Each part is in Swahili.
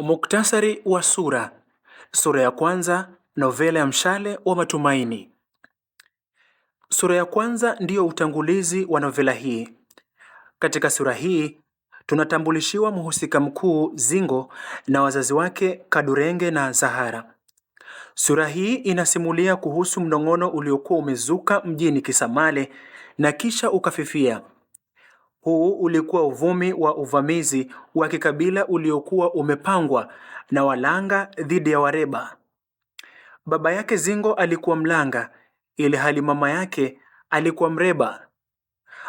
Muktasari wa sura. Sura ya kwanza, novela ya Mshale wa Matumaini. Sura ya kwanza ndiyo utangulizi wa novela hii. Katika sura hii tunatambulishiwa mhusika mkuu Zingo na wazazi wake Kadurenge na Zahara. Sura hii inasimulia kuhusu mnong'ono uliokuwa umezuka mjini Kisamale na kisha ukafifia huu ulikuwa uvumi wa uvamizi wa kikabila uliokuwa umepangwa na Walanga dhidi ya Wareba. Baba yake Zingo alikuwa Mlanga ili hali mama yake alikuwa Mreba.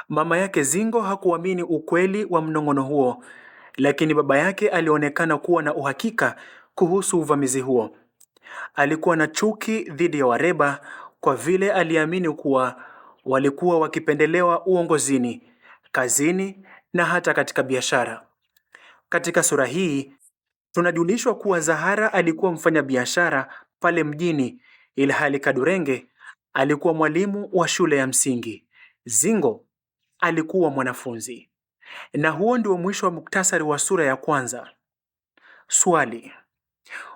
Mama yake Zingo hakuamini ukweli wa mnong'ono huo, lakini baba yake alionekana kuwa na uhakika kuhusu uvamizi huo. Alikuwa na chuki dhidi ya Wareba kwa vile aliamini kuwa walikuwa wakipendelewa uongozini kazini na hata katika biashara. Katika sura hii tunajulishwa kuwa Zahara alikuwa mfanyabiashara pale mjini, ilhali Kadurenge alikuwa mwalimu wa shule ya msingi. Zingo alikuwa mwanafunzi. Na huo ndio mwisho wa muktasari wa sura ya kwanza. Swali: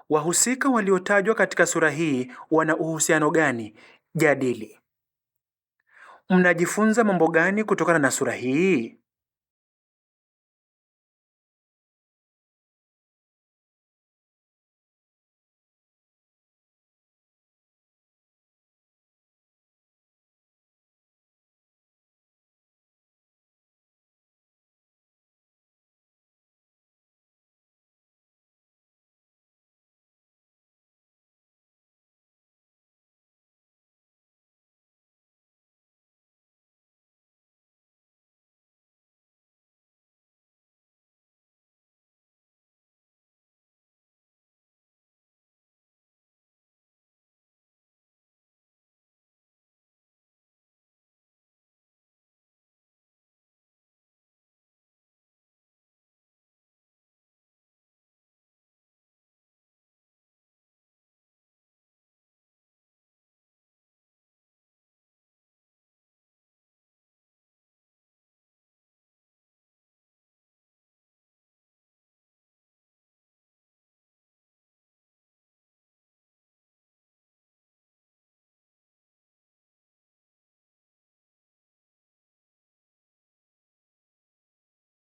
wahusika waliotajwa katika sura hii wana uhusiano gani? Jadili. Mnajifunza mambo gani kutokana na sura hii?